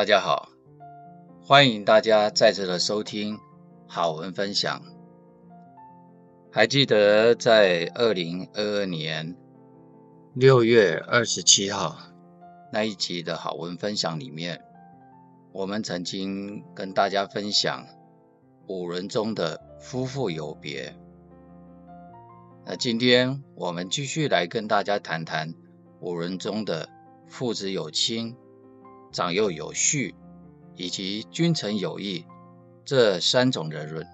大家好，歡迎大家再次的收聽好文分享。還記得在二零二二年六月二十七號那一集的好文分享裡面，我們曾經跟大家分享五倫中的夫婦有別。那今天我們繼續來跟大家談談五倫中的父子有親。長幼有序，以及君臣有義，這三種人倫，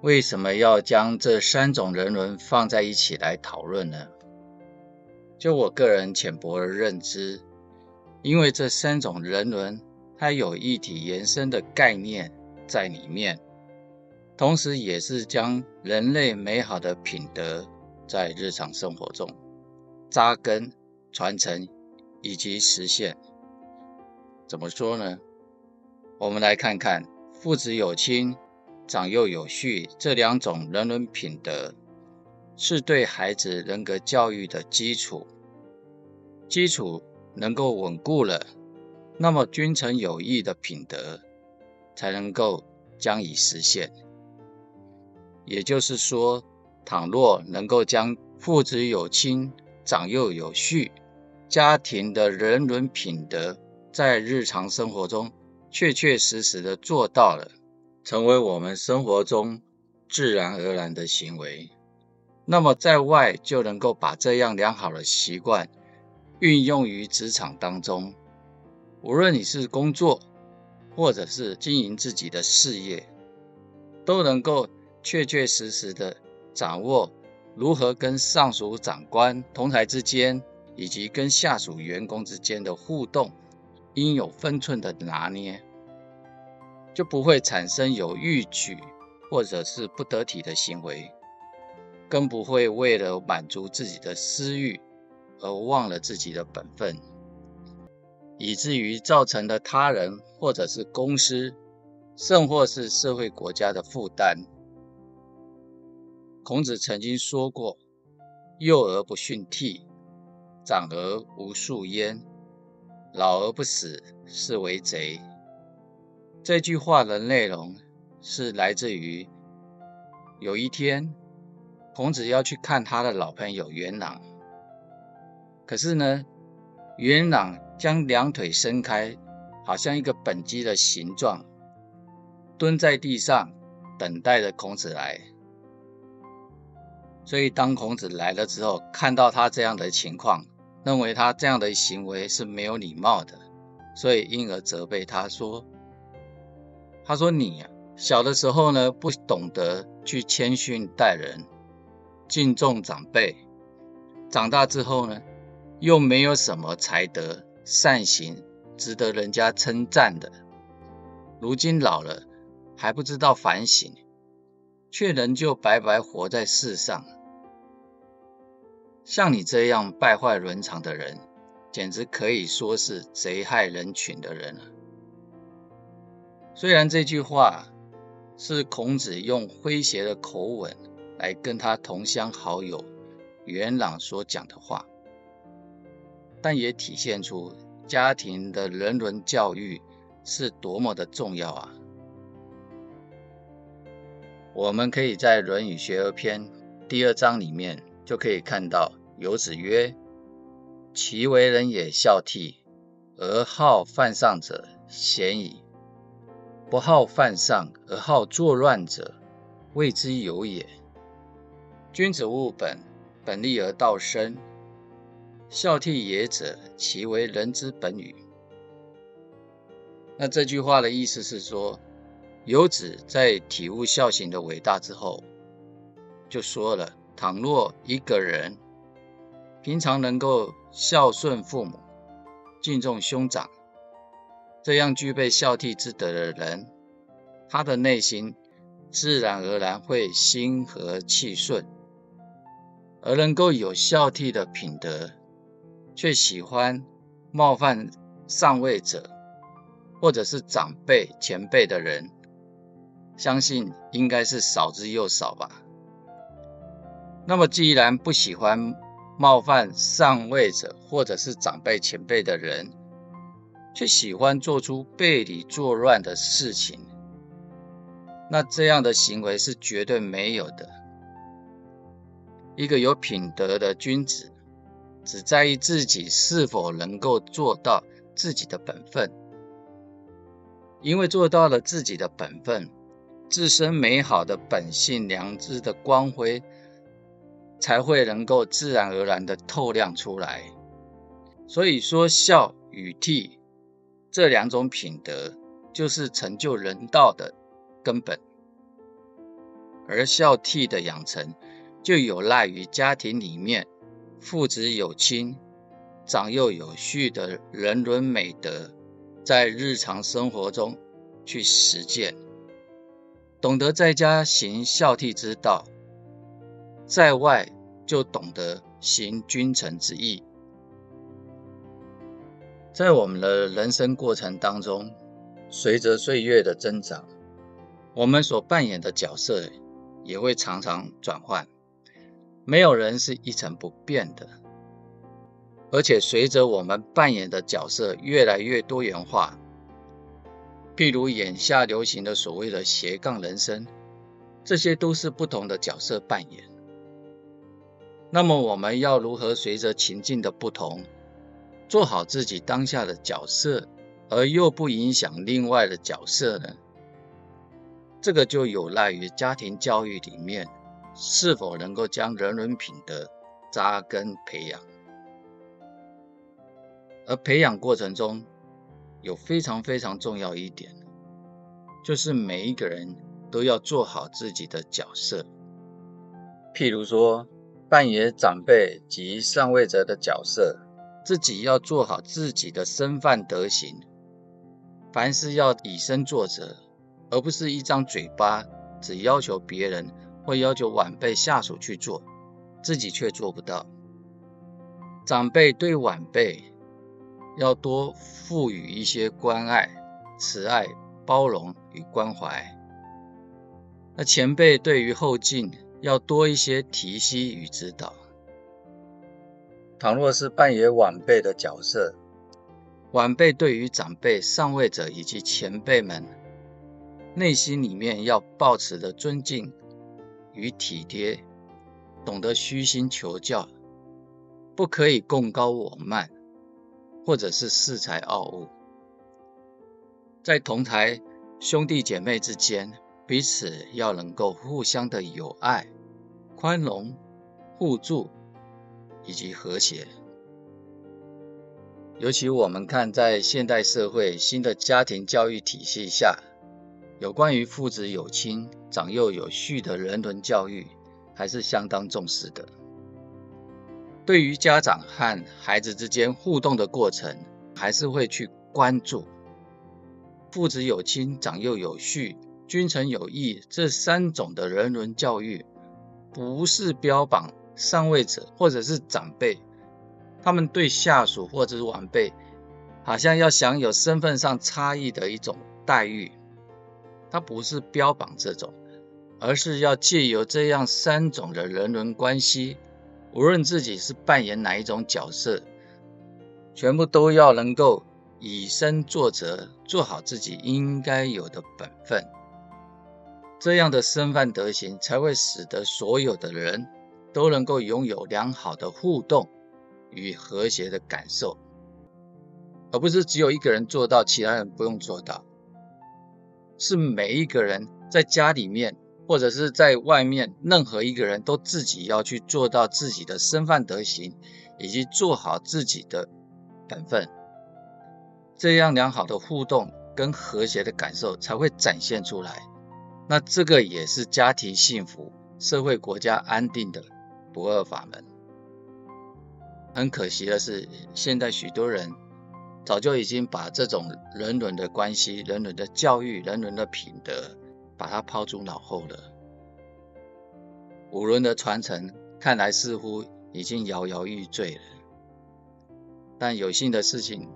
為什麼要將這三種人倫放在一起來討論呢？就我個人淺薄的認知，因為這三種人倫，它有一體延伸的概念在裡面，同時也是將人類美好的品德在日常生活中扎根傳承。以及實現，怎麼說呢？我們來看看，父子有親，長幼有序這兩種人倫品德，是對孩子人格教育的基礎。基礎能夠穩固了，那麼君臣有義的品德才能夠將以實現。也就是說，倘若能夠將父子有親，長幼有序。家庭的人倫品德在日常生活中確確實實的做到了，成為我們生活中自然而然的行為。那麼在外就能夠把這樣良好的習慣運用於職場當中。無論你是工作，或者是經營自己的事業，都能夠確確實實的掌握如何跟上屬長官同台之間。以及跟下屬員工之間的互動，應有分寸的拿捏，就不會產生有逾矩或者是不得體的行為，更不會為了滿足自己的私慾而忘了自己的本分，以至於造成的他人或者是公司，甚或是社會國家的負擔。孔子曾經說過：“幼而不遜悌。”長而無述焉，老而不死是為賊。這句話的內容是來自於有一天孔子要去看他的老朋友原壤，可是呢，原壤將兩腿伸開，好像一個畚箕的形狀，蹲在地上等待着孔子來。所以當孔子來了之後，看到他這樣的情況。認為他這樣的行為是沒有禮貌的，所以因而責備他說：“他說你呀，小的時候呢，不懂得去謙遜待人，敬重長輩；長大之後呢，又沒有什麼才德善行值得人家稱讚的；如今老了，還不知道反省，卻仍舊白白活在世上。”像你這樣敗壞倫常的人，簡直可以說是賊害人群的人了，啊。雖然這句話是孔子用詼諧的口吻來跟他同鄉好友元朗所講的話，但也體現出家庭的人倫教育是多麼的重要啊！我們可以在《論語·學而篇》第二章裡面。就可以看到，有子曰：“其為人也孝悌，而好犯上者，鮮矣；不好犯上而好作亂者，未之有也。”君子務本，本立而道生。孝悌也者，其為人之本與？那這句話的意思是說，有子在體悟孝行的偉大之後，就說了。倘若一個人平常能夠孝順父母、敬重兄長，這樣具備孝悌之德的人，他的內心自然而然會心和氣順。而能夠有孝悌的品德，卻喜歡冒犯上位者或者是長輩前輩的人，相信應該是少之又少吧。那麼，既然不喜歡冒犯上位者或者是長輩前輩的人，卻喜歡做出背禮作亂的事情，那這樣的行為是絕對沒有的。一個有品德的君子，只在意自己是否能夠做到自己的本分，因為做到了自己的本分，自身美好的本性、良知的光輝。才會能夠自然而然地透亮出來。所以說，孝與悌這兩種品德，就是成就人道的根本。而孝悌的養成，就有賴於家庭裡面父子有親、長幼有序的人倫美德，在日常生活中去實踐，懂得在家行孝悌之道，在外就懂得行君臣之義。在我們的人生過程當中，隨着歲月的增長，我們所扮演的角色也會常常轉換。沒有人是一成不變的，而且隨着我們扮演的角色越來越多元化，譬如眼下流行的所謂的“斜槓人生”，這些都是不同的角色扮演。那麼我們要如何隨着情境的不同，做好自己當下的角色，而又不影響另外的角色呢？這個就有賴於家庭教育裡面是否能夠將人倫品德扎根培養，而培養過程中有非常非常重要一點，就是每一個人都要做好自己的角色，譬如說。扮演長輩及上位者的角色，自己要做好自己的身份德行，凡事要以身作則，而不是一張嘴巴，只要求別人或要求晚輩下屬去做，自己卻做不到。長輩對晚輩要多賦予一些關愛、慈愛、包容與關懷。那前輩對於後進。要多一些提攜與指導。倘若是扮演晚輩的角色，晚輩對於長輩、上位者以及前輩們，內心裡面要抱持着尊敬與體貼，懂得虛心求教，不可以貢高我慢，或者是恃才傲物。在同台兄弟姐妹之間，彼此要能夠互相的友愛。寬容、互助，以及和諧。尤其我們看在現代社會新的家庭教育體系下，有關於父子有親、長幼有序的人倫教育，還是相當重視的。對於家長和孩子之間互動的過程，還是會去關注父子有親、長幼有序、君臣有義這三種的人倫教育。不是標榜上位者或者是長輩，他們對下屬或者是晚輩，好像要享有身份上差異的一種待遇。他不是標榜這種，而是要借由這樣三種的人倫關係，無論自己是扮演哪一種角色，全部都要能夠以身作則，做好自己應該有的本分。這樣的身份德行，才會使得所有的人都能夠擁有良好的互動與和諧的感受，而不是只有一個人做到，其他人不用做到。是每一個人在家裡面，或者是在外面，任何一個人都自己要去做到自己的身份德行，以及做好自己的本分，這樣良好的互動跟和諧的感受才會展現出來。那這個也是家庭幸福、社會國家安定的不二法門。很可惜的是，現在許多人早就已經把這種人倫的關係、人倫的教育、人倫的品德，把它拋諸腦後了。五倫的傳承看來似乎已經搖搖欲墜了。但有幸的事情，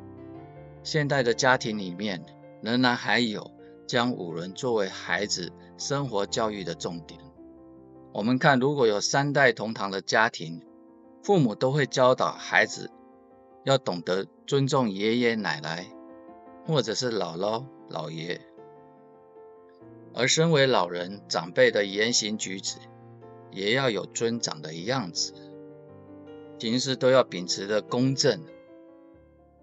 現在的家庭裡面仍然還有。將五倫作為孩子生活教育的重點。我們看，如果有三代同堂的家庭，父母都會教導孩子要懂得尊重爺爺奶奶，或者是姥姥姥爺。而身為老人長輩的言行舉止，也要有尊長的樣子，平時都要秉持著公正，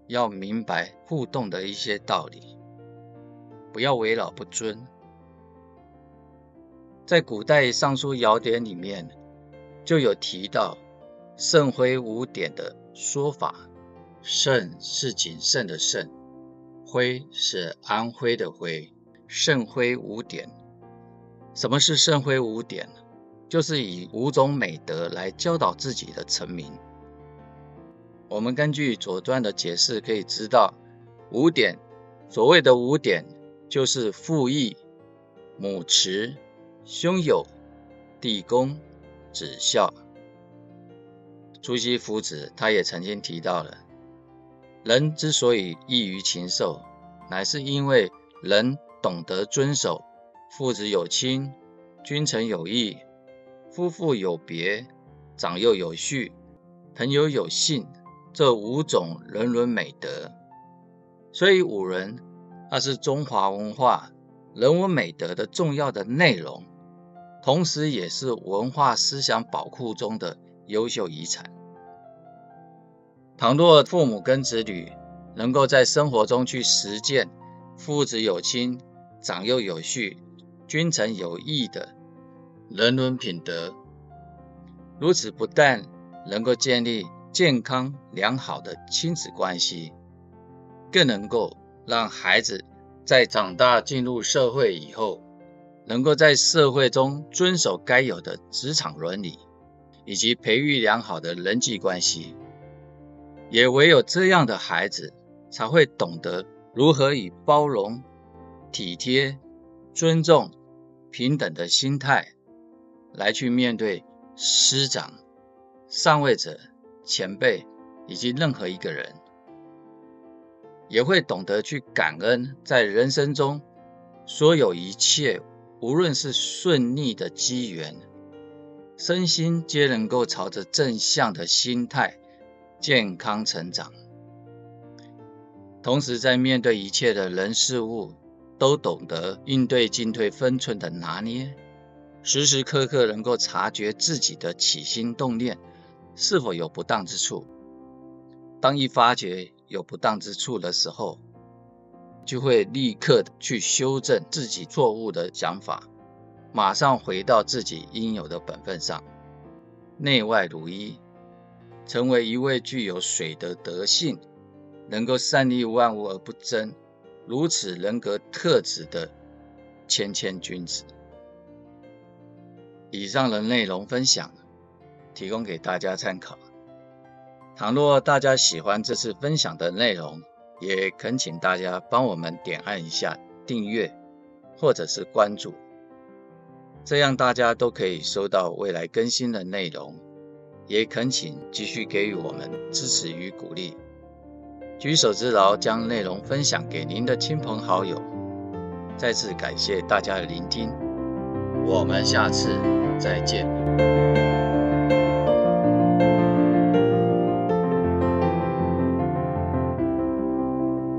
要明白互動的一些道理。不要為老不尊，在古代《尚書堯典》裡面就有提到“慎徽五典”的說法。“慎”是謹慎的“慎”，“徽”是安徽的“徽”，“慎徽五典”。什麼是“慎徽五典”？就是以五種美德來教導自己的臣民。我們根據《左傳》的解釋可以知道，五典所謂的五典。就是父義、母慈、兄友、弟恭、子孝。朱熹夫子他也曾經提到了，人之所以異於禽獸，乃是因為人懂得遵守父子有親、君臣有義、夫婦有別、長幼有序、朋友有信這五種人倫美德。所以五倫。那是中華文化人文美德的重要的內容，同時也是文化思想寶庫中的優秀遺產。倘若父母跟子女能夠在生活中去實踐“父子有親、長幼有序、君臣有義”的人倫品德，如此不但能夠建立健康良好的親子關係，更能夠，讓孩子在長大進入社會以後，能夠在社會中遵守該有的職場倫理，以及培育良好的人際關係。也唯有這樣的孩子才會懂得如何以包容、體貼、尊重、平等的心態來去面對師長、上位者、前輩以及任何一個人。也會懂得去感恩，在人生中所有一切，無論是順逆的機緣，身心皆能夠朝着正向的心態健康成長。同時，在面對一切的人事物，都懂得應對進退分寸的拿捏，時時刻刻能夠察覺自己的起心動念是否有不當之處。當一發覺，有不當之處的時候，就會立刻去修正自己錯誤的想法，馬上回到自己應有的本分上，內外如一，成為一位具有水的德性，能夠善利萬物而不爭，如此人格特質的謙謙君子。以上的內容分享，提供給大家參考。倘若大家喜歡這次分享的內容，也懇請大家幫我們點按一下訂閱或者是關注，這樣大家都可以收到未來更新的內容。也懇請繼續給予我們支持與鼓勵，舉手之勞將內容分享給您的親朋好友。再次感謝大家的聆聽，我們下次再見。